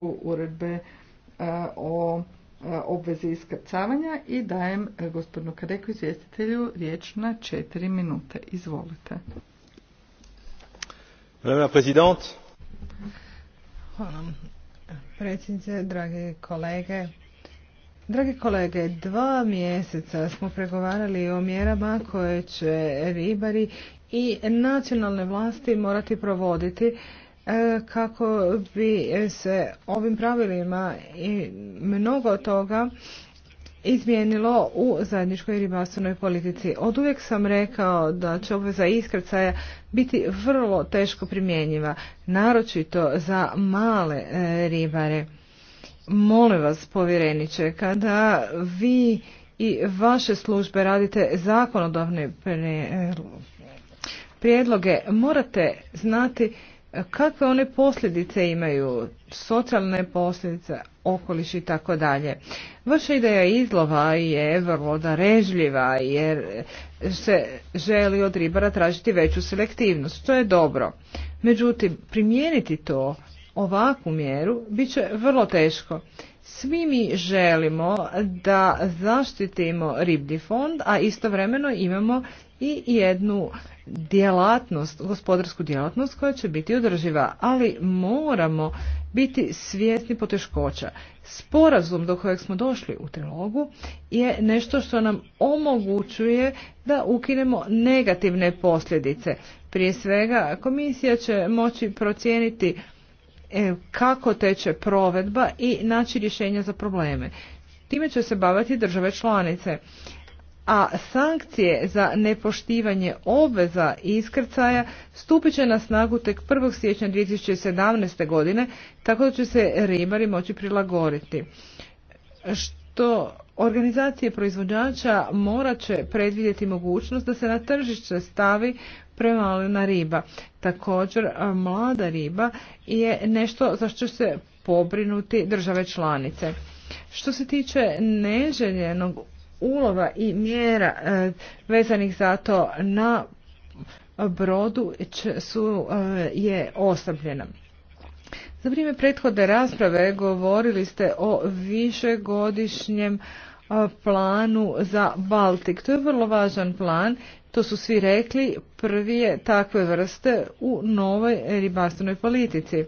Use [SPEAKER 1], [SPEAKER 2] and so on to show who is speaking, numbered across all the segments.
[SPEAKER 1] uredbe e, o e, obvezi iskrcavanja i dajem e, gospodinu Kadeku izvjestitelju riječ na četiri minute. Izvolite. Madame Hvala.
[SPEAKER 2] Predsjednice, drage kolege. Dragi kolege, dva mjeseca smo pregovarali o mjerama koje će ribari i nacionalne vlasti morati provoditi E, kako bi se ovim pravilima i mnogo toga izmijenilo u zajedničkoj ribarstvenoj politici. Od uvijek sam rekao da će obveza iskrcaja biti vrlo teško primjenjiva, naročito za male e, ribare. Molim vas, povjereniče, kada vi i vaše službe radite zakonodavne prijedloge, morate znati kakve one posljedice imaju, socijalne posljedice, okoliš i tako dalje. Vaša ideja izlova je vrlo darežljiva jer se želi od ribara tražiti veću selektivnost, što je dobro. Međutim, primijeniti to ovakvu mjeru bit će vrlo teško svi mi želimo da zaštitimo riblji fond, a istovremeno imamo i jednu djelatnost, gospodarsku djelatnost koja će biti održiva, ali moramo biti svjesni poteškoća. Sporazum do kojeg smo došli u trilogu je nešto što nam omogućuje da ukinemo negativne posljedice. Prije svega komisija će moći procijeniti E, kako teče provedba i naći rješenja za probleme. Time će se baviti države članice. A sankcije za nepoštivanje obveza i iskrcaja stupit će na snagu tek 1. siječnja 2017. godine, tako da će se ribari moći prilagoriti. Što organizacije proizvođača morat će predvidjeti mogućnost da se na tržište stavi prevalena riba. Također, mlada riba je nešto za što se pobrinuti države članice. Što se tiče neželjenog ulova i mjera e, vezanih za to na brodu su, e, je osamljena. Za vrijeme prethodne rasprave govorili ste o višegodišnjem planu za Baltik. To je vrlo važan plan, to su svi rekli, prvi takve vrste u novoj ribarstvenoj politici.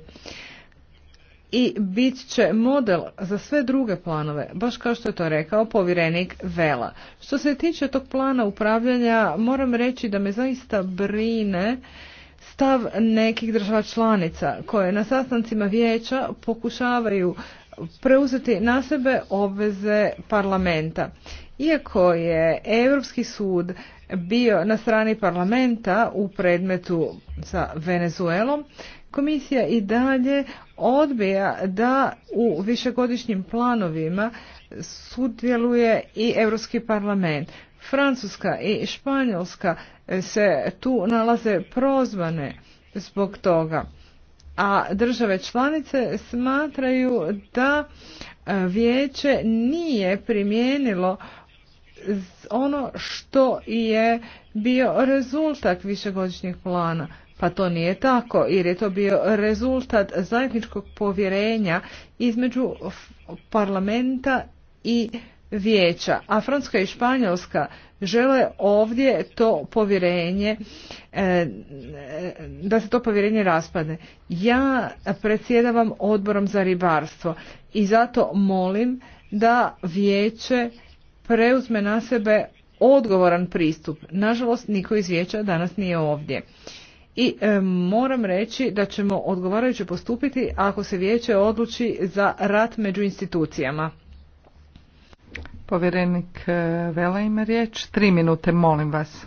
[SPEAKER 2] I bit će model za sve druge planove, baš kao što je to rekao povjerenik Vela. Što se tiče tog plana upravljanja, moram reći da me zaista brine stav nekih država članica koje na sastancima vijeća pokušavaju preuzeti na sebe obveze parlamenta. Iako je Europski sud bio na strani parlamenta u predmetu sa Venezuelom, komisija i dalje odbija da u višegodišnjim planovima sudjeluje i Europski parlament. Francuska i Španjolska se tu nalaze prozvane zbog toga a države članice smatraju da e, vijeće nije primijenilo ono što je bio rezultat višegodišnjeg plana. Pa to nije tako, jer je to bio rezultat zajedničkog povjerenja između parlamenta i vijeća. A Francuska i Španjolska žele ovdje to povjerenje, e, da se to povjerenje raspadne. Ja predsjedavam odborom za ribarstvo i zato molim da vijeće preuzme na sebe odgovoran pristup. Nažalost, niko iz vijeća danas nije ovdje. I e, moram reći da ćemo odgovarajuće postupiti ako se vijeće odluči
[SPEAKER 1] za rat među institucijama. Povjerenik e, Vela ima riječ. Tri minute, molim vas.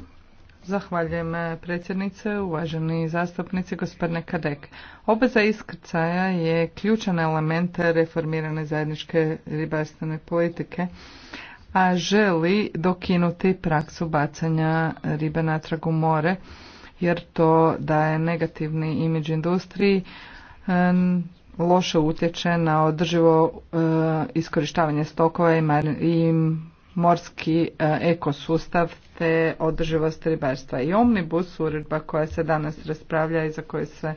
[SPEAKER 1] Zahvaljujem e, predsjednice, uvaženi zastupnici, gospodine Kadek. Obaza iskrcaja je ključan element reformirane zajedničke ribarstvene politike, a želi dokinuti praksu bacanja ribe natrag u more, jer to daje negativni imidž industriji, e, loše utječe na održivo e, iskorištavanje stokova i, i morski e, ekosustav te održivost ribarstva. I omnibus uredba koja se danas raspravlja i za koju se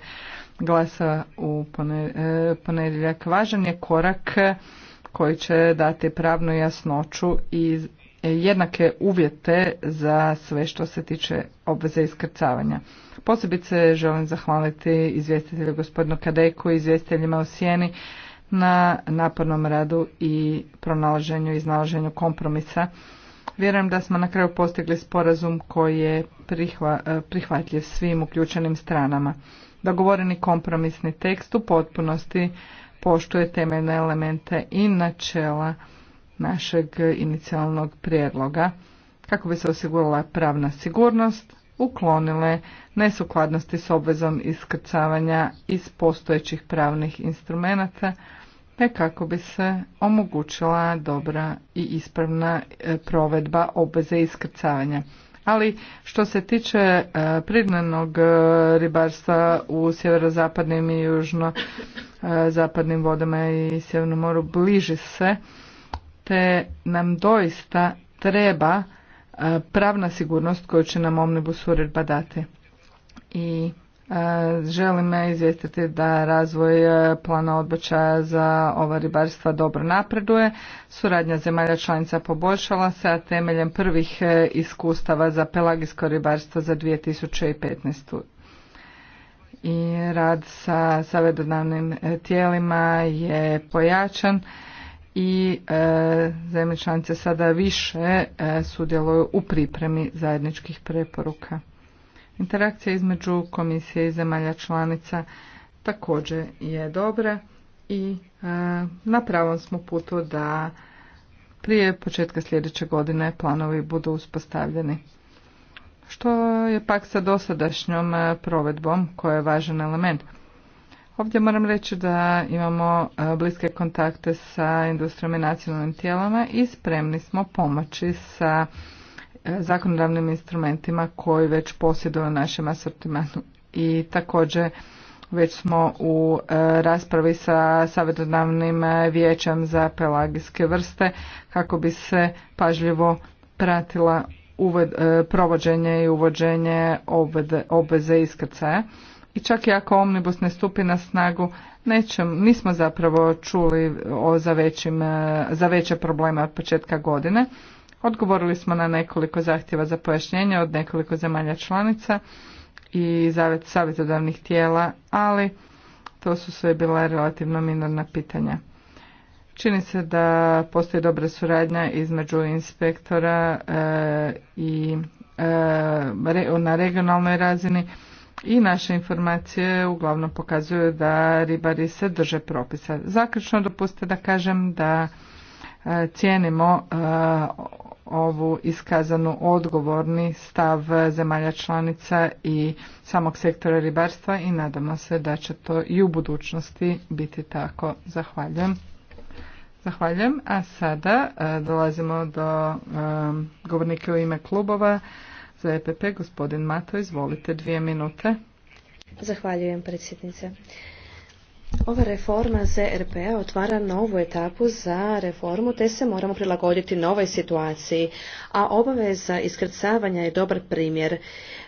[SPEAKER 1] glasa u e, ponedjeljak važan je korak koji će dati pravnu jasnoću i jednake uvjete za sve što se tiče obveze iskrcavanja. Posebice želim zahvaliti izvjestitelju gospodinu Kadeku i izvjestiteljima u Sjeni na napornom radu i pronalaženju i iznalaženju kompromisa. Vjerujem da smo na kraju postigli sporazum koji je e, prihvatljiv svim uključenim stranama. Dogovoreni kompromisni tekst u potpunosti poštuje temeljne elemente i načela našeg inicijalnog prijedloga kako bi se osigurala pravna sigurnost, uklonile nesukladnosti s obvezom iskrcavanja iz postojećih pravnih instrumenata te kako bi se omogućila dobra i ispravna e, provedba obveze iskrcavanja. Ali što se tiče e, pridnenog e, ribarstva u sjeverozapadnim i južno zapadnim vodama i sjevernom moru bliži se te nam doista treba e, pravna sigurnost koju će nam Omnibus uredba dati. I e, želim izvijestiti da razvoj e, plana odbačaja za ova ribarstva dobro napreduje. Suradnja zemalja članica poboljšala se, a temeljem prvih iskustava za pelagijsko ribarstvo za 2015 i rad sa savjedodavnim tijelima je pojačan i e, zemlje članice sada više e, sudjeluju u pripremi zajedničkih preporuka. Interakcija između komisije i zemalja članica također je dobra i e, na pravom smo putu da prije početka sljedeće godine planovi budu uspostavljeni. Što je pak sa dosadašnjom e, provedbom koja je važan element? Ovdje moram reći da imamo e, bliske kontakte sa industrijom i nacionalnim tijelama i spremni smo pomoći sa e, zakonodavnim instrumentima koji već posjeduju našem asortimanu. I također već smo u e, raspravi sa savjetodavnim vijećem za pelagijske vrste kako bi se pažljivo pratila provođenje i uvođenje obveze iskrcaja i čak i ako omnibus ne stupi na snagu, nećem, nismo zapravo čuli o za, većim, e, za veće probleme od početka godine. Odgovorili smo na nekoliko zahtjeva za pojašnjenje od nekoliko zemalja članica i savjetodavnih tijela, ali to su sve bila relativno minorna pitanja. Čini se da postoji dobra suradnja između inspektora e, i e, na regionalnoj razini i naše informacije uglavnom pokazuju da ribari se drže propisa. Zaključno dopustite da kažem da e, cijenimo e, ovu iskazanu odgovorni stav zemalja članica i samog sektora ribarstva i nadamo se da će to i u budućnosti biti tako. Zahvaljujem. Zahvaljujem. A sada e, dolazimo do govornike u ime klubova za EPP, gospodin Mato, izvolite dvije minute.
[SPEAKER 3] Zahvaljujem predsjednice. Ova reforma zrp p-a otvara novu etapu za reformu te se moramo prilagoditi novoj situaciji, a obaveza iskrcavanja je dobar primjer.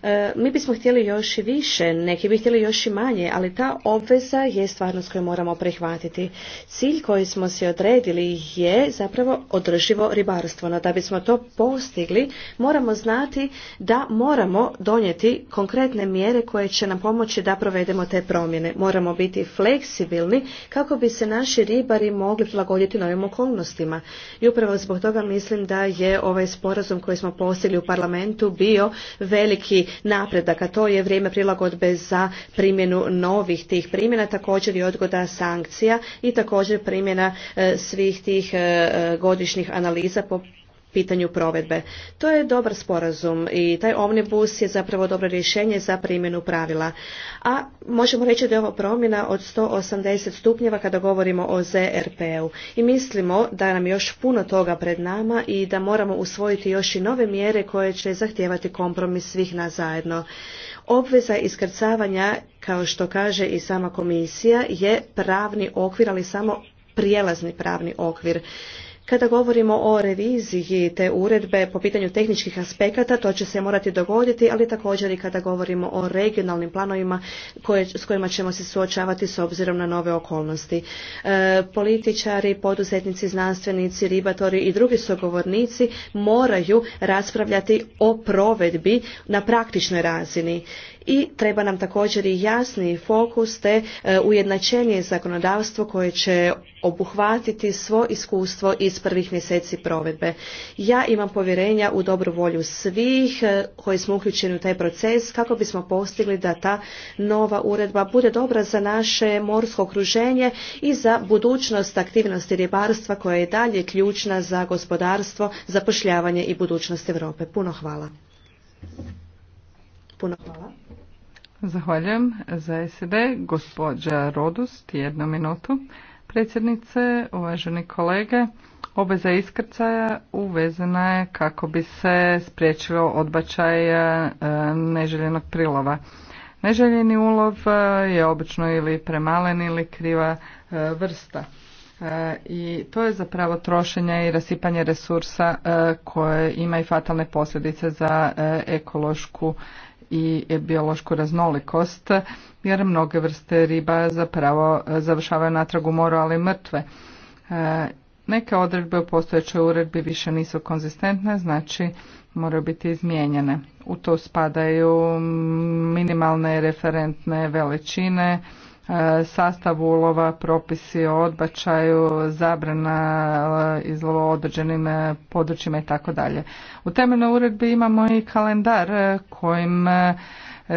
[SPEAKER 3] E, mi bismo htjeli još i više, neki bi htjeli još i manje, ali ta obveza je stvarnost koju moramo prihvatiti. Cilj koji smo se odredili je zapravo održivo ribarstvo, no da bismo to postigli moramo znati da moramo donijeti konkretne mjere koje će nam pomoći da provedemo te promjene. Moramo biti fleks fleksibilni kako bi se naši ribari mogli prilagoditi novim okolnostima. I upravo zbog toga mislim da je ovaj sporazum koji smo postigli u parlamentu bio veliki napredak, a to je vrijeme prilagodbe za primjenu novih tih primjena, također i odgoda sankcija i također primjena e, svih tih e, e, godišnjih analiza po pitanju provedbe. To je dobar sporazum i taj omnibus je zapravo dobro rješenje za primjenu pravila. A možemo reći da je ova promjena od 180 stupnjeva kada govorimo o ZRP-u. I mislimo da nam još puno toga pred nama i da moramo usvojiti još i nove mjere koje će zahtijevati kompromis svih nas zajedno. Obveza iskrcavanja, kao što kaže i sama komisija, je pravni okvir, ali samo prijelazni pravni okvir. Kada govorimo o reviziji te uredbe po pitanju tehničkih aspekata, to će se morati dogoditi, ali također i kada govorimo o regionalnim planovima koje, s kojima ćemo se suočavati s obzirom na nove okolnosti. E, političari, poduzetnici, znanstvenici, ribatori i drugi sogovornici moraju raspravljati o provedbi na praktičnoj razini i treba nam također i jasni fokus te e, ujednačenije zakonodavstvo koje će obuhvatiti svo iskustvo iz prvih mjeseci provedbe. Ja imam povjerenja u dobru volju svih e, koji smo uključeni u taj proces kako bismo postigli da ta nova uredba bude dobra za naše morsko okruženje i za budućnost aktivnosti ribarstva koja je dalje ključna za gospodarstvo, zapošljavanje i budućnost Europe. Puno hvala. Puno hvala.
[SPEAKER 1] Zahvaljujem za SED. Gospođa Rodust, jednu minutu. Predsjednice, uvaženi kolege, obeza iskrcaja uvezena je kako bi se spriječilo odbačaj e, neželjenog prilova. Neželjeni ulov e, je obično ili premalen ili kriva e, vrsta. I to je zapravo trošenje i rasipanje resursa koje ima i fatalne posljedice za ekološku i biološku raznolikost, jer mnoge vrste riba zapravo e, završavaju natrag u moru, ali mrtve. E, neke odredbe u postojećoj uredbi više nisu konzistentne, znači moraju biti izmijenjene. U to spadaju minimalne referentne veličine, E, sastav ulova, propisi o odbačaju, zabrana e, izlova određenim e, područjima i tako dalje. U temeljnoj uredbi imamo i kalendar kojim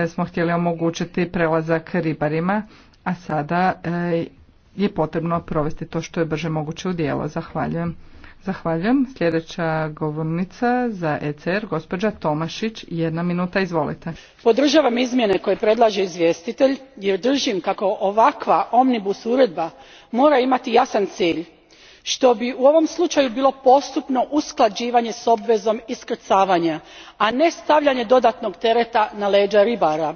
[SPEAKER 1] smo htjeli omogućiti prelazak ribarima, a sada je potrebno provesti to što je brže moguće u dijelo. Zahvaljujem. Zahvaljujem. Sljedeća govornica za ECR, gospođa Tomašić, jedna minuta, izvolite.
[SPEAKER 4] Podržavam izmjene koje predlaže izvjestitelj jer držim kako ovakva omnibus uredba mora imati jasan cilj, što bi u ovom slučaju bilo postupno usklađivanje s obvezom iskrcavanja, a ne stavljanje dodatnog tereta na leđa ribara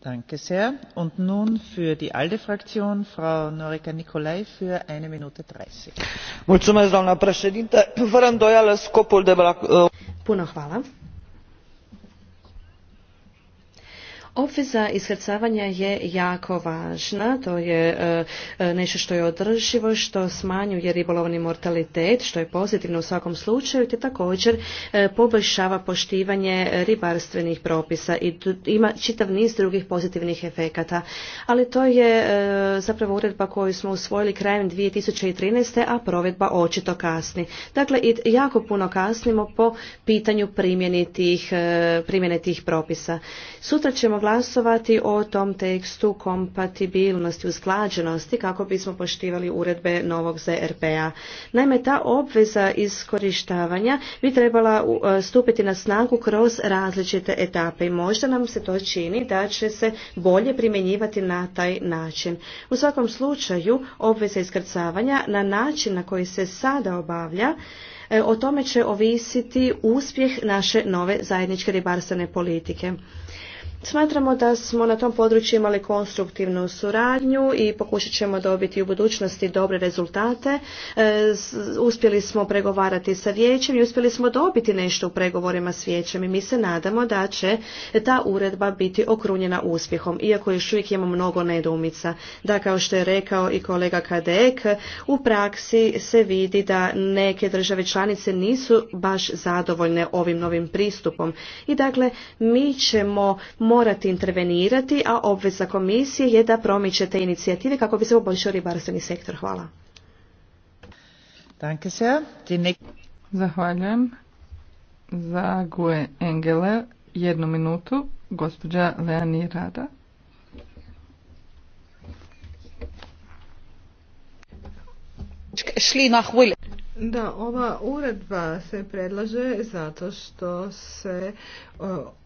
[SPEAKER 1] Danke sehr. Und nun für die ALDE Fraktion Frau Norica Nicolai für 1 minute 30.
[SPEAKER 3] Mulțumesc doamna președinte. Fără îndoială scopul de Bună, uh, hvala. Obveza iskrcavanja je jako važna, to je e, e, nešto što je održivo, što smanjuje ribolovni mortalitet, što je pozitivno u svakom slučaju, te također e, poboljšava poštivanje ribarstvenih propisa i ima čitav niz drugih pozitivnih efekata. Ali to je zapravo uredba koju smo usvojili krajem 2013. a provedba očito kasni. Dakle, i jako puno kasnimo po pitanju primjene tih, primjene tih propisa. Sutra ćemo glasovati o tom tekstu kompatibilnosti, usklađenosti kako bismo poštivali uredbe novog ZRP-a. Naime, ta obveza iskorištavanja bi trebala e, stupiti na snagu kroz različite etape i možda nam se to čini da će se bolje primjenjivati na taj način. U svakom slučaju, obveza iskrcavanja na način na koji se sada obavlja e, o tome će ovisiti uspjeh naše nove zajedničke ribarstvene politike. Smatramo da smo na tom području imali konstruktivnu suradnju i pokušat ćemo dobiti u budućnosti dobre rezultate. E, uspjeli smo pregovarati sa vijećem i uspjeli smo dobiti nešto u pregovorima s vijećem i mi se nadamo da će ta uredba biti okrunjena uspjehom, iako još uvijek imamo mnogo nedoumica. Da, kao što je rekao i kolega Kadek, u praksi se vidi da neke države članice nisu baš zadovoljne ovim novim pristupom. I dakle, mi ćemo morati intervenirati, a obveza komisije je da promiče te inicijative kako bi se poboljšao ribarstveni sektor. Hvala.
[SPEAKER 1] Zahvaljujem. Za Gue Engele jednu minutu, gospođa Leani Rada.
[SPEAKER 2] Šli na da, ova uredba se predlaže zato što se e,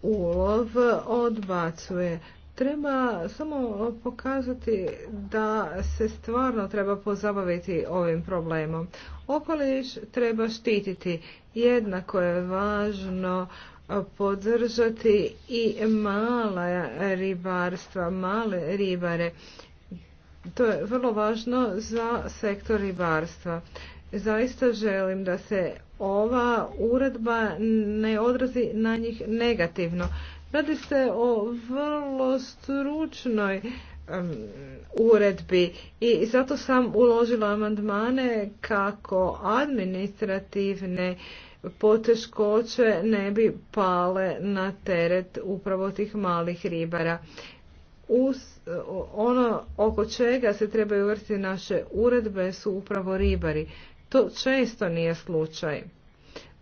[SPEAKER 2] ulov odbacuje. Treba samo pokazati da se stvarno treba pozabaviti ovim problemom. Okoliš treba štititi. Jednako je važno e, podržati i mala ribarstva, male ribare. To je vrlo važno za sektor ribarstva zaista želim da se ova uredba ne odrazi na njih negativno. Radi se o vrlo stručnoj uredbi i zato sam uložila amandmane kako administrativne poteškoće ne bi pale na teret upravo tih malih ribara. Uz, ono oko čega se trebaju uvrstiti naše uredbe su upravo ribari. To često nije slučaj.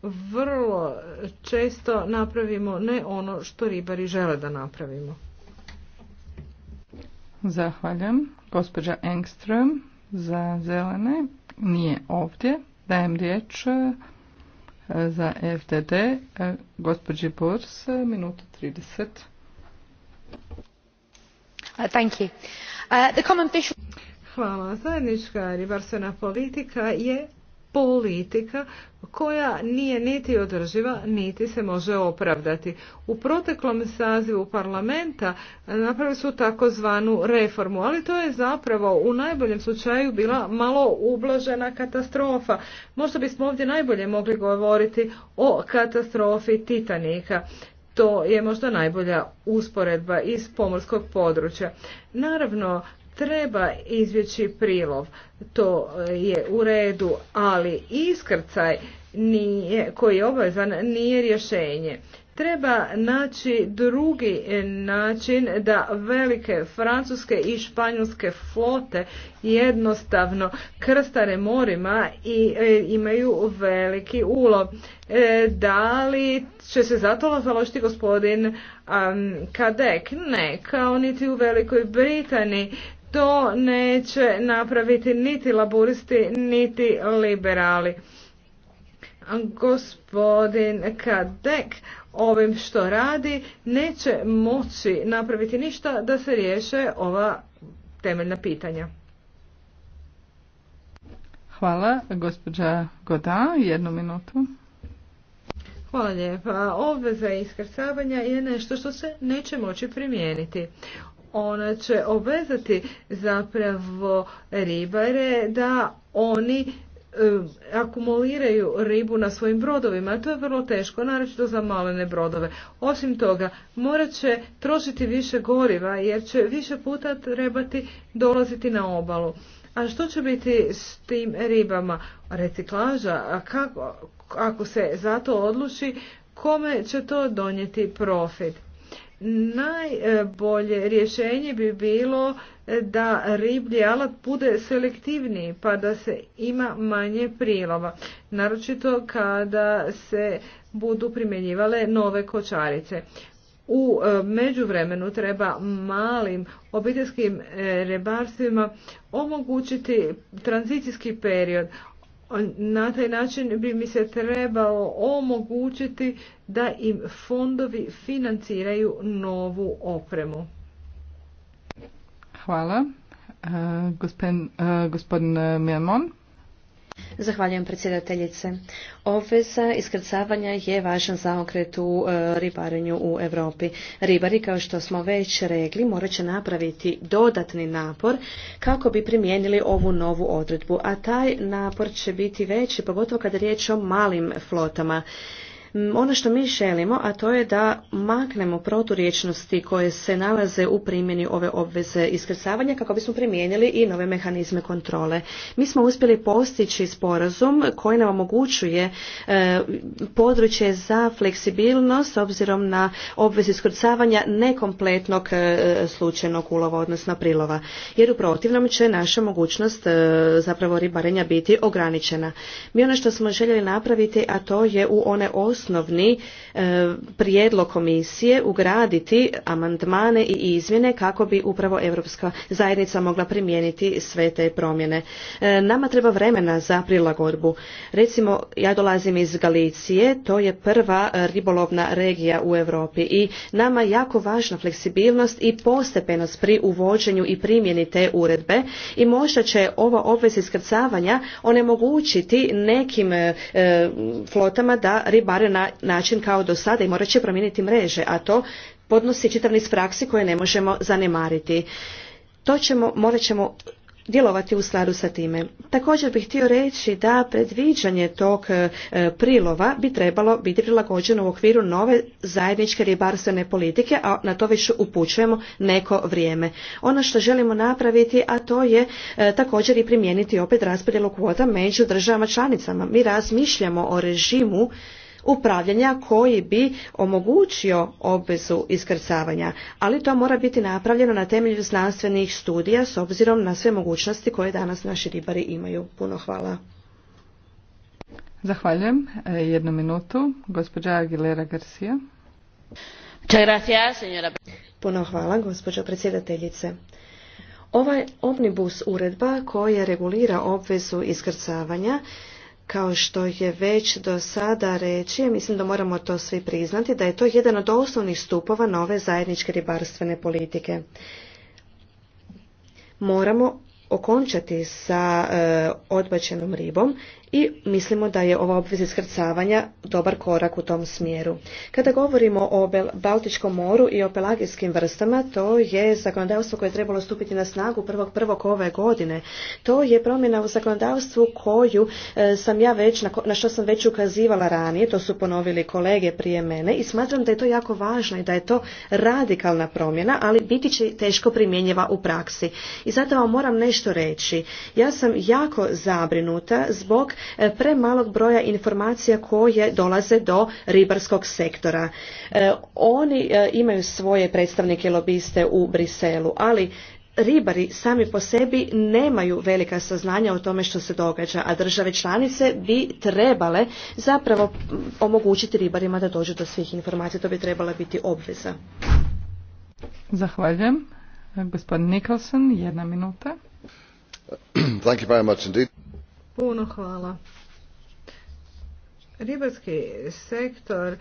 [SPEAKER 2] Vrlo često napravimo ne ono što ribari žele da napravimo.
[SPEAKER 1] Zahvaljam. Gospođa Engström za zelene nije ovdje. Dajem riječ e, za FDD. E, gospođi Burs, e, minuta 30.
[SPEAKER 2] Uh, thank you. Uh, the Hvala. Zajednička ribarstvena politika je politika koja nije niti održiva, niti se može opravdati. U proteklom sazivu parlamenta napravili su takozvanu reformu, ali to je zapravo u najboljem slučaju bila malo ublažena katastrofa. Možda bismo ovdje najbolje mogli govoriti o katastrofi Titanika. To je možda najbolja usporedba iz pomorskog područja. Naravno, treba izvjeći prilov, to e, je u redu, ali iskrcaj nije, koji je obavezan nije rješenje. Treba naći drugi e, način da velike francuske i španjolske flote jednostavno krstare morima i e, imaju veliki ulov. Da li će se zato založiti gospodin Kadek? Ne, kao niti u Velikoj Britaniji to neće napraviti niti laburisti, niti liberali. Gospodin Kadek ovim što radi neće moći napraviti ništa da se riješe ova temeljna pitanja.
[SPEAKER 1] Hvala, gospođa Goda, jednu minutu.
[SPEAKER 2] Hvala lijepa. Obveza iskrcavanja je nešto što se neće moći primijeniti ona će obvezati zapravo ribare da oni akumuliraju ribu na svojim brodovima, a to je vrlo teško, naročito za malene brodove. Osim toga, morat će trošiti više goriva jer će više puta trebati dolaziti na obalu. A što će biti s tim ribama? Reciklaža, kako, ako se za to odluči, kome će to donijeti profit? najbolje rješenje bi bilo da riblji alat bude selektivniji pa da se ima manje prilova, naročito kada se budu primjenjivale nove kočarice. U e, međuvremenu treba malim obiteljskim e, rebarstvima omogućiti tranzicijski period na taj način bi mi se trebalo omogućiti da im fondovi financiraju novu opremu.
[SPEAKER 1] Hvala. E, e, gospodin e, Mjelmon.
[SPEAKER 3] Zahvaljujem predsjedateljice. Obveza iskrcavanja je važan zaokret u e, ribarenju u Europi. Ribari, kao što smo već rekli, morat će napraviti dodatni napor kako bi primijenili ovu novu odredbu, a taj napor će biti veći, pogotovo kada je riječ o malim flotama. Mm, ono što mi želimo, a to je da maknemo proturječnosti koje se nalaze u primjeni ove obveze iskrcavanja kako bismo primijenili i nove mehanizme kontrole. Mi smo uspjeli postići sporazum koji nam omogućuje e, područje za fleksibilnost s obzirom na obveze iskrcavanja nekompletnog e, slučajnog ulova, odnosno prilova. Jer u protivnom će naša mogućnost e, zapravo ribarenja biti ograničena. Mi ono što smo željeli napraviti, a to je u one osnovni e, prijedlog komisije ugraditi amandmane i izmjene kako bi upravo Europska zajednica mogla primijeniti sve te promjene. E, nama treba vremena za prilagodbu. Recimo, ja dolazim iz Galicije, to je prva ribolovna regija u Europi i nama jako važna fleksibilnost i postepenost pri uvođenju i primjeni te uredbe i možda će ova obveza iskrcavanja onemogućiti nekim e, flotama da ribare na način kao do sada i morat će promijeniti mreže, a to podnosi čitav niz praksi koje ne možemo zanemariti. To ćemo, morat ćemo djelovati u skladu sa time. Također bih htio reći da predviđanje tog e, prilova bi trebalo biti prilagođeno u okviru nove zajedničke ribarstvene politike, a na to već upućujemo neko vrijeme. Ono što želimo napraviti, a to je e, također i primijeniti opet raspodjelu kvota među državama članicama. Mi razmišljamo o režimu upravljanja koji bi omogućio obvezu iskrcavanja, ali to mora biti napravljeno na temelju znanstvenih studija s obzirom na sve mogućnosti koje danas naši ribari imaju. Puno hvala.
[SPEAKER 1] Zahvaljujem. E, jednu minutu.
[SPEAKER 3] Gospođa Aguilera Garcia. Puno hvala, gospođo predsjedateljice. Ovaj omnibus uredba koja regulira obvezu iskrcavanja kao što je već do sada reći, mislim da moramo to svi priznati, da je to jedan od osnovnih stupova nove zajedničke ribarstvene politike. Moramo okončati sa e, odbačenom ribom i mislimo da je ova obveza iskrcavanja dobar korak u tom smjeru. Kada govorimo o Baltičkom moru i o pelagijskim vrstama, to je zakonodavstvo koje je trebalo stupiti na snagu 1.1. ove godine. To je promjena u zakonodavstvu koju e, sam ja već, na, na što sam već ukazivala ranije, to su ponovili kolege prije mene i smatram da je to jako važno i da je to radikalna promjena, ali biti će teško primjenjiva u praksi. I zato vam moram nešto reći. Ja sam jako zabrinuta zbog E, premalog broja informacija koje dolaze do ribarskog sektora. E, oni e, imaju svoje predstavnike lobiste u Briselu, ali ribari sami po sebi nemaju velika saznanja o tome što se događa, a države članice bi trebale zapravo omogućiti ribarima da dođu do svih informacija. To bi trebala biti obveza.
[SPEAKER 1] Zahvaljujem. Gospodin Nicholson, jedna minuta.
[SPEAKER 5] Thank you very much indeed. Puno
[SPEAKER 2] hvala. Ribarski sektor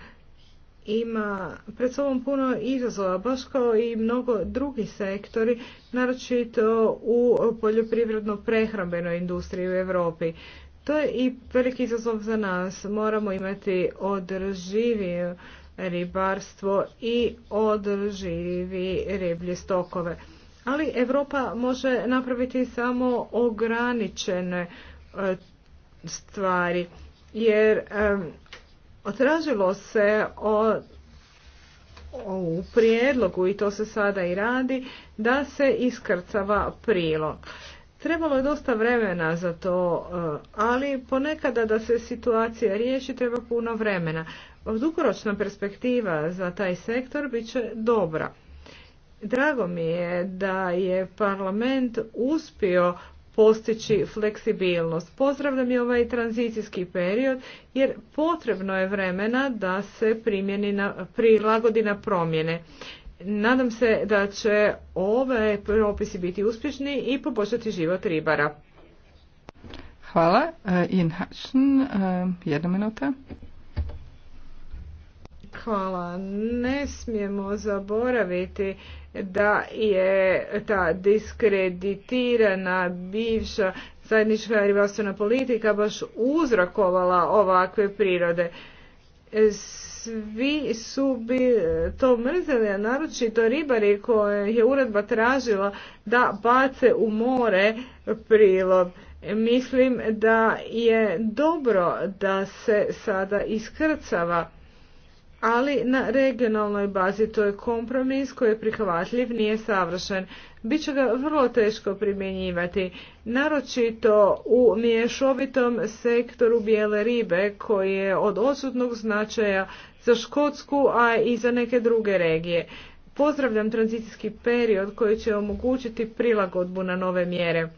[SPEAKER 2] ima pred sobom puno izazova, baš kao i mnogo drugi sektori, naročito u poljoprivredno-prehrambenoj industriji u Europi. To je i veliki izazov za nas. Moramo imati održivije ribarstvo i održivi riblje stokove. Ali Europa može napraviti samo ograničene E, stvari. Jer otražilo e, se o, u prijedlogu i to se sada i radi da se iskrcava prilog. Trebalo je dosta vremena za to, e, ali ponekada da se situacija riješi treba puno vremena. Dugoročna perspektiva za taj sektor bit će dobra. Drago mi je da je parlament uspio postići fleksibilnost. Pozdravljam i ovaj tranzicijski period jer potrebno je vremena da se primjeni na, prilagodi na promjene. Nadam se da će ove propisi biti uspješni i poboljšati život ribara.
[SPEAKER 1] Hvala. E, In e, jedna minuta.
[SPEAKER 2] Hvala. Ne smijemo zaboraviti da je ta diskreditirana bivša zajednička ribarstvena politika baš uzrakovala ovakve prirode. Svi su bi to mrzeli, a naročito ribari koje je uredba tražila da bace u more prilog. Mislim da je dobro da se sada iskrcava ali na regionalnoj bazi to je kompromis koji je prihvatljiv, nije savršen. Biće ga vrlo teško primjenjivati, naročito u mješovitom sektoru bijele ribe koji je od osudnog značaja za Škotsku, a i za neke druge regije. Pozdravljam tranzicijski period koji će omogućiti prilagodbu na nove mjere.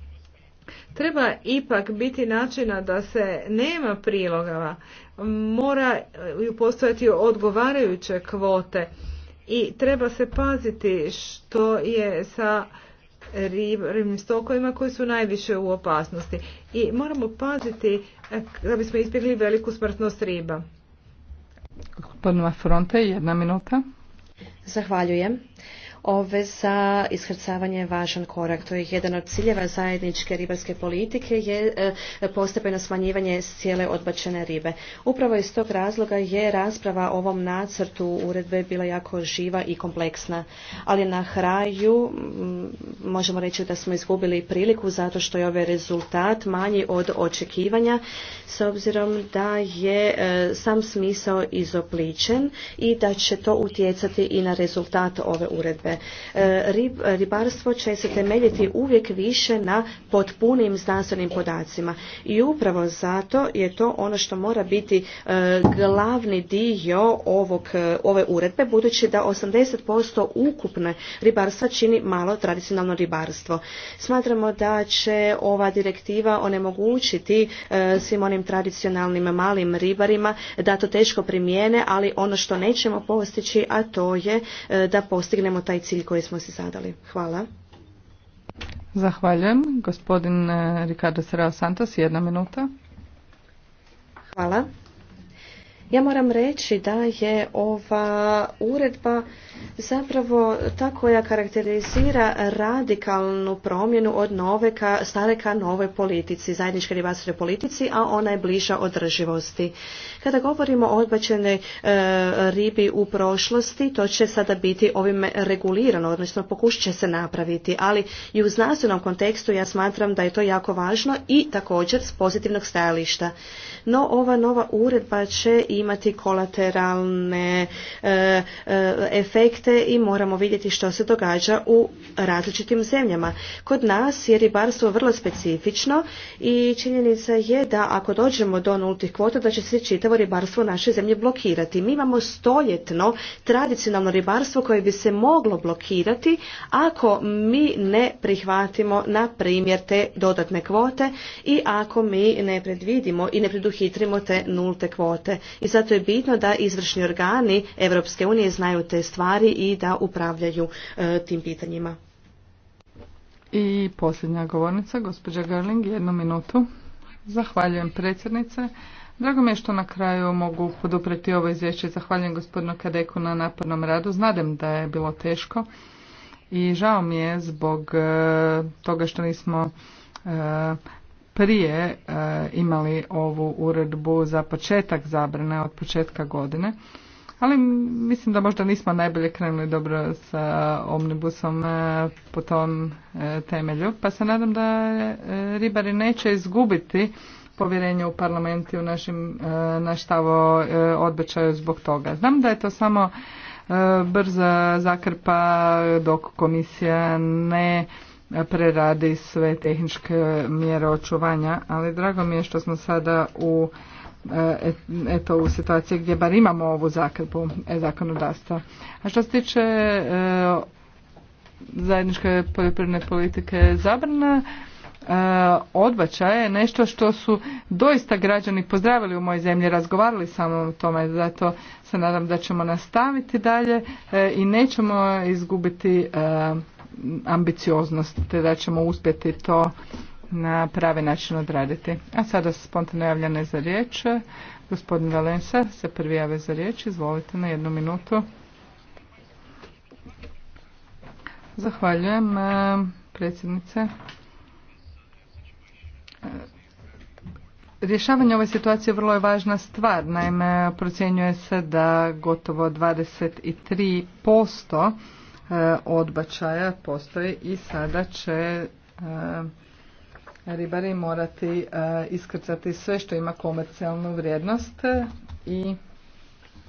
[SPEAKER 2] Treba ipak biti načina da se nema prilogava, moraju e, postojati odgovarajuće kvote i treba se paziti što je sa ribnim stokovima koji su najviše u opasnosti. I moramo paziti e, da bismo ispjegli veliku smrtnost riba.
[SPEAKER 1] Gospodina Fronte, jedna minuta.
[SPEAKER 3] Zahvaljujem obveza iskrcavanja je važan korak. To je jedan od ciljeva zajedničke ribarske politike je e, postepeno smanjivanje cijele odbačene ribe. Upravo iz tog razloga je rasprava o ovom nacrtu uredbe bila jako živa i kompleksna. Ali na kraju mm, možemo reći da smo izgubili priliku zato što je ovaj rezultat manji od očekivanja s obzirom da je e, sam smisao izopličen i da će to utjecati i na rezultat ove uredbe. E, ribarstvo će se temeljiti uvijek više na potpunim znanstvenim podacima. I upravo zato je to ono što mora biti e, glavni dio ovog, e, ove uredbe, budući da 80% ukupne ribarstva čini malo tradicionalno ribarstvo. Smatramo da će ova direktiva onemogućiti svim onim tradicionalnim malim ribarima da to teško primijene, ali ono što nećemo postići, a to je da postignemo taj cilj koji smo si zadali. Hvala.
[SPEAKER 1] Zahvaljujem. Gospodin eh, Ricardo Serao Santos, jedna minuta.
[SPEAKER 3] Hvala. Ja moram reći da je ova uredba zapravo ta koja karakterizira radikalnu promjenu od nove ka, stare ka nove politici, zajedničke ribarstvenoj politici, a ona je bliža održivosti. Kada govorimo o odbačene ribi u prošlosti, to će sada biti ovim regulirano, odnosno pokušat će se napraviti, ali i u znanstvenom kontekstu ja smatram da je to jako važno i također s pozitivnog stajališta. No ova nova uredba će i imati kolateralne e, e, efekte i moramo vidjeti što se događa u različitim zemljama. Kod nas je ribarstvo vrlo specifično i činjenica je da ako dođemo do nultih kvota da će se čitavo ribarstvo naše zemlje blokirati. Mi imamo stoljetno tradicionalno ribarstvo koje bi se moglo blokirati ako mi ne prihvatimo na primjer te dodatne kvote i ako mi ne predvidimo i ne preduhitrimo te nulte kvote. I zato je bitno da izvršni organi Europske unije znaju te stvari i da upravljaju e, tim pitanjima.
[SPEAKER 1] I posljednja govornica, gospođa Gerling, jednu minutu. Zahvaljujem predsjednice. Drago mi je što na kraju mogu podupreti ovo izvješće. Zahvaljujem gospodinu Kadeku na napornom radu. Znadem da je bilo teško i žao mi je zbog e, toga što nismo e, prije e, imali ovu uredbu za početak zabrane od početka godine. Ali mislim da možda nismo najbolje krenuli dobro sa omnibusom e, po tom e, temelju, pa se nadam da ribari neće izgubiti povjerenje u parlament i u našim, naš stav e, zbog toga. Znam da je to samo brza zakrpa dok komisija ne preradi sve tehničke mjere očuvanja, ali drago mi je što smo sada u e, eto u situaciji gdje bar imamo ovu zakrpu e, zakonodavstva. A što se tiče e, zajedničke poljoprivredne politike zabrana, e, je nešto što su doista građani pozdravili u mojoj zemlji, razgovarali samo o tome, zato se nadam da ćemo nastaviti dalje i nećemo izgubiti ambicioznost te da ćemo uspjeti to na pravi način odraditi. A sada spontano javljane za riječ. Gospodin Valensa se prvi jave za riječ. Izvolite na jednu minutu. Zahvaljujem e, predsjednice. E, rješavanje ove situacije vrlo je važna stvar. Naime, procjenjuje se da gotovo 23% E, odbačaja postoji i sada će e, ribari morati e, iskrcati sve što ima komercijalnu vrijednost i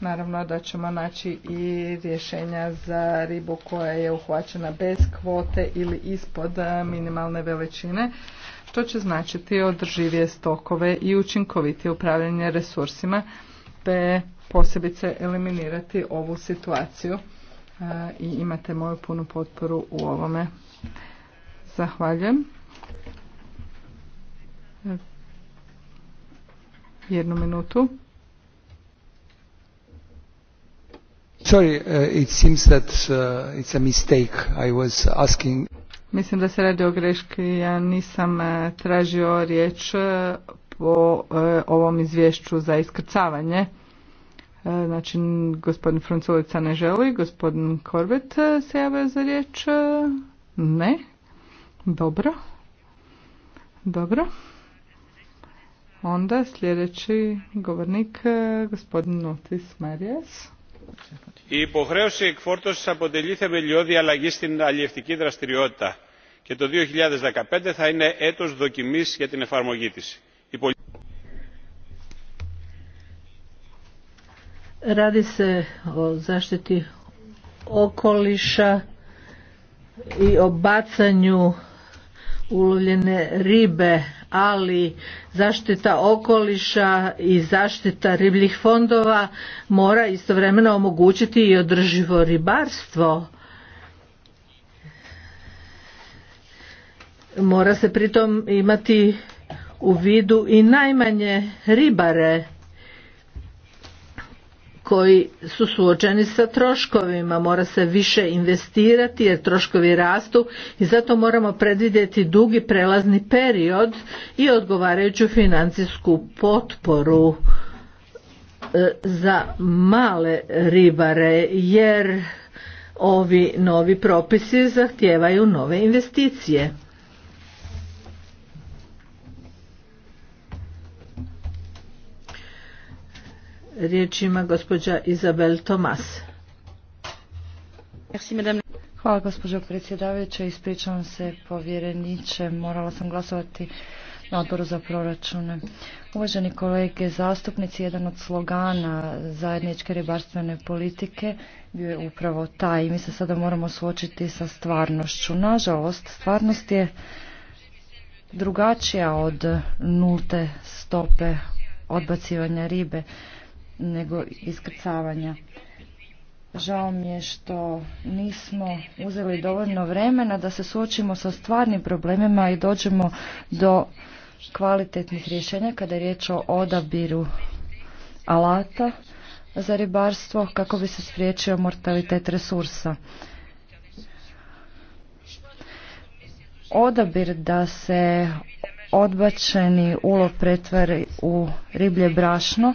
[SPEAKER 1] naravno da ćemo naći i rješenja za ribu koja je uhvaćena bez kvote ili ispod minimalne veličine što će značiti održivije stokove i učinkovitije upravljanje resursima te posebice eliminirati ovu situaciju E, i imate moju punu potporu u ovome. Zahvaljujem. E, jednu minutu.
[SPEAKER 5] Sorry, uh, it seems that uh, it's a mistake. I was asking...
[SPEAKER 1] Mislim da se radi o greški. Ja nisam e, tražio riječ po ovom izvješću za iskrcavanje. E, znači, gospodin Francolica ne želi, gospodin Korvet e, se za riječ. E, ne. Dobro. Dobro. Onda sljedeći govornik, gospodin Notis Marijas.
[SPEAKER 5] I po hreosi kvortos sa podeljite me ljodi ke stin aljeftiki to 2015. Tha ine etos dokimis kje tine farmogitisi.
[SPEAKER 6] Radi se o zaštiti okoliša i o bacanju ulovljene ribe, ali zaštita okoliša i zaštita ribljih fondova mora istovremeno omogućiti i održivo ribarstvo. Mora se pritom imati u vidu i najmanje ribare koji su suočeni sa troškovima. Mora se više investirati jer troškovi rastu i zato moramo predvidjeti dugi prelazni period i odgovarajuću financijsku potporu e, za male ribare jer ovi novi propisi zahtijevaju nove investicije. Riječ ima gospođa Izabel Tomas.
[SPEAKER 7] Hvala gospođo predsjedavajuća, ispričavam se povjereniče, morala sam glasovati na odboru za proračune. Uvaženi kolege zastupnici, jedan od slogana zajedničke ribarstvene politike bio je upravo taj i mi se sada moramo suočiti sa stvarnošću. Nažalost, stvarnost je drugačija od nulte stope odbacivanja ribe nego iskrcavanja. Žao mi je što nismo uzeli dovoljno vremena da se suočimo sa stvarnim problemima i dođemo do kvalitetnih rješenja kada je riječ o odabiru alata za ribarstvo kako bi se spriječio mortalitet resursa. Odabir da se odbačeni ulov pretvari u riblje brašno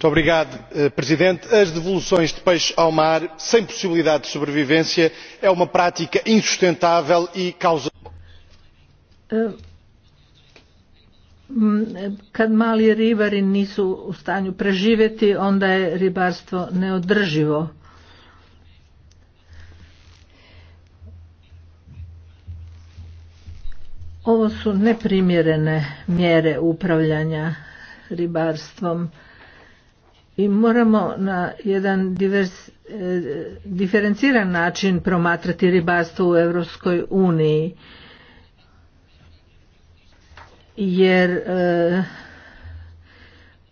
[SPEAKER 5] senhor presidente as devoluções de peixe ao mar sem possibilidade de sobrevivência é uma prática insustentável e causa.
[SPEAKER 6] Eh, kad mali ribari nisu u stanju preživjeti onda je ribarstvo neodrživo. Ovo su neprimjerene mjere upravljanja ribarstvom i moramo na jedan divers, e, diferenciran način promatrati ribarstvo u Europskoj uniji jer e,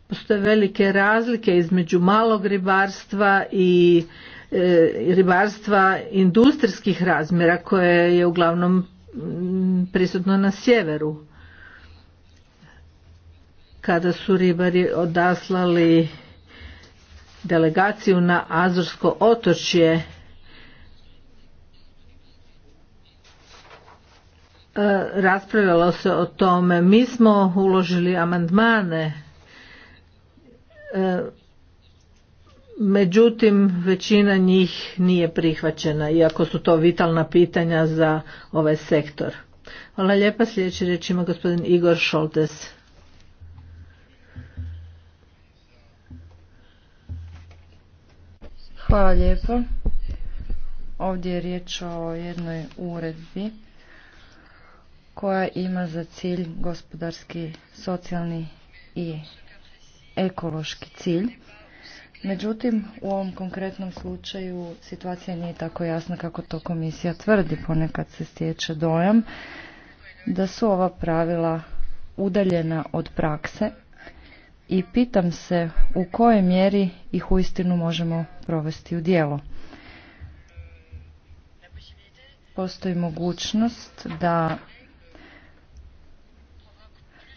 [SPEAKER 6] postoje velike razlike između malog ribarstva i e, ribarstva industrijskih razmjera koje je uglavnom prisutno na sjeveru kada su ribari odaslali delegaciju na Azorsko otočje e, raspravljalo se o tome. Mi smo uložili amandmane, e, međutim većina njih nije prihvaćena, iako su to vitalna pitanja za ovaj sektor. Hvala lijepa, sljedeći riječ ima gospodin Igor Šoltes.
[SPEAKER 7] Hvala lijepo. Ovdje je riječ o jednoj uredbi koja ima za cilj gospodarski, socijalni i ekološki cilj. Međutim, u ovom konkretnom slučaju situacija nije tako jasna kako to komisija tvrdi. Ponekad se stječe dojam da su ova pravila udaljena od prakse i pitam se u kojoj mjeri ih uistinu možemo provesti u djelo. Postoji mogućnost da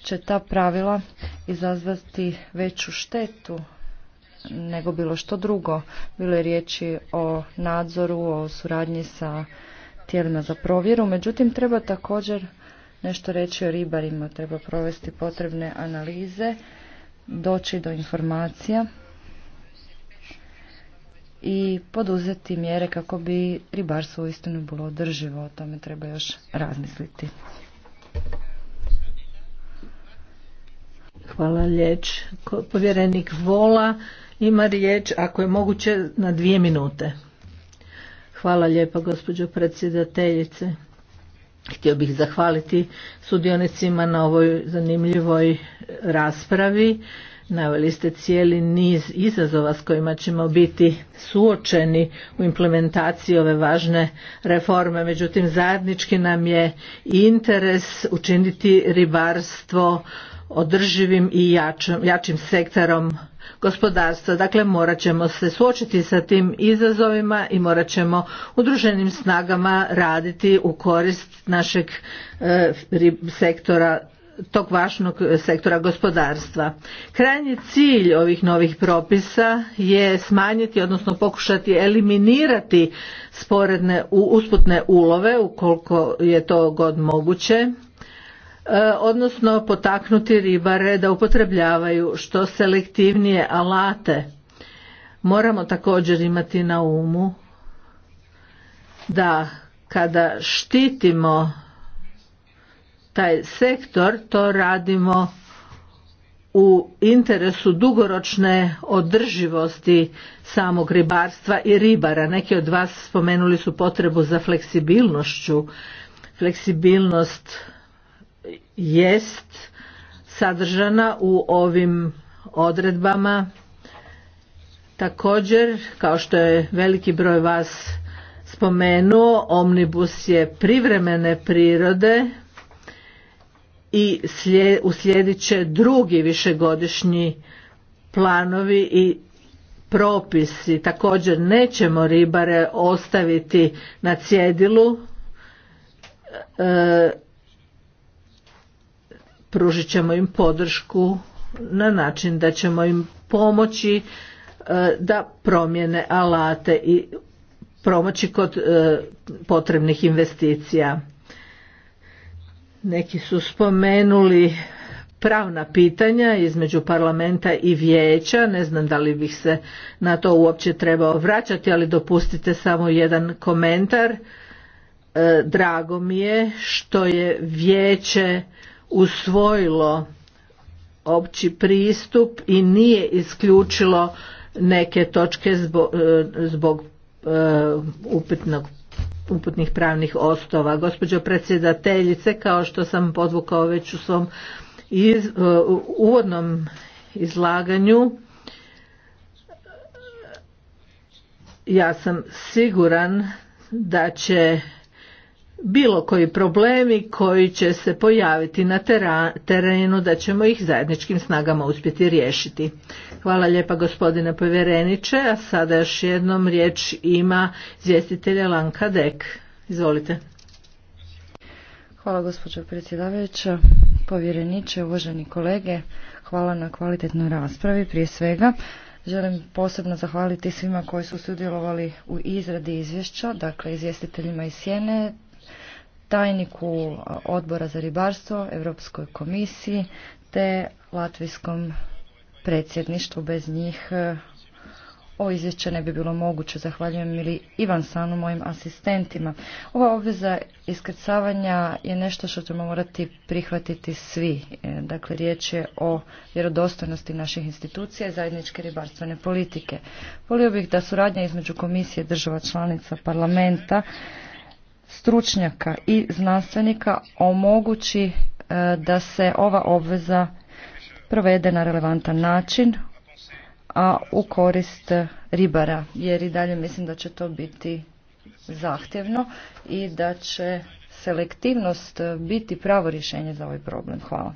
[SPEAKER 7] će ta pravila izazvati veću štetu nego bilo što drugo. Bilo je riječi o nadzoru, o suradnji sa tijelima za provjeru, međutim treba također nešto reći o ribarima, treba provesti potrebne analize doći do informacija i poduzeti mjere kako bi ribarstvo uistinu bilo održivo. O tome treba još razmisliti. Hvala Lječ.
[SPEAKER 6] Povjerenik Vola ima riječ, ako je moguće, na dvije minute. Hvala lijepa, gospođo predsjedateljice. Htio bih zahvaliti sudionicima na ovoj zanimljivoj raspravi. Naveli ste cijeli niz izazova s kojima ćemo biti suočeni u implementaciji ove važne reforme. Međutim, zajednički nam je interes učiniti ribarstvo održivim i jačim sektorom gospodarstva. Dakle, morat ćemo se suočiti sa tim izazovima i morat ćemo udruženim snagama raditi u korist našeg e, sektora tog važnog sektora gospodarstva. Krajnji cilj ovih novih propisa je smanjiti, odnosno pokušati eliminirati sporedne usputne ulove ukoliko je to god moguće E, odnosno potaknuti ribare da upotrebljavaju što selektivnije alate. Moramo također imati na umu da kada štitimo taj sektor to radimo u interesu dugoročne održivosti samog ribarstva i ribara. Neki od vas spomenuli su potrebu za fleksibilnošću. Fleksibilnost jest sadržana u ovim odredbama. Također, kao što je veliki broj vas spomenuo, omnibus je privremene prirode i uslijedit će drugi višegodišnji planovi i propisi. Također nećemo ribare ostaviti na cjedilu. E, pružit ćemo im podršku na način da ćemo im pomoći e, da promjene alate i promoći kod e, potrebnih investicija. Neki su spomenuli pravna pitanja između parlamenta i vijeća, ne znam da li bih se na to uopće trebao vraćati, ali dopustite samo jedan komentar. E, drago mi je što je vijeće usvojilo opći pristup i nije isključilo neke točke e, zbog, zbog e, upitnog uputnih pravnih ostova. Gospođo predsjedateljice, kao što sam podvukao već u svom iz, e, uvodnom izlaganju, ja sam siguran da će bilo koji problemi koji će se pojaviti na terenu da ćemo ih zajedničkim snagama uspjeti riješiti. Hvala lijepa gospodine povjereniče, a sada još jednom riječ ima
[SPEAKER 7] izvjestitelja Lanka Dek. Izvolite. Hvala gospođo predsjedavajuća, povjereniče, uvaženi kolege, hvala na kvalitetnoj raspravi prije svega. Želim posebno zahvaliti svima koji su sudjelovali u izradi izvješća, dakle izvjestiteljima iz Sjene, tajniku e, odbora za ribarstvo Europskoj komisiji te latvijskom predsjedništvu. Bez njih e, ovo izvješće ne bi bilo moguće. Zahvaljujem ili Ivan Sanu, mojim asistentima. Ova obveza iskrcavanja je nešto što ćemo morati prihvatiti svi. E, dakle, riječ je o vjerodostojnosti naših institucija i zajedničke ribarstvene politike. Volio bih da suradnja između komisije država članica parlamenta stručnjaka i znanstvenika omogući e, da se ova obveza provede na relevantan način, a u korist ribara, jer i dalje mislim da će to biti zahtjevno i da će selektivnost biti pravo rješenje za ovaj problem. Hvala.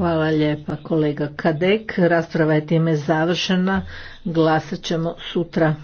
[SPEAKER 7] Hvala lijepa kolega Kadek.
[SPEAKER 6] Rasprava je time završena. Glasat ćemo sutra.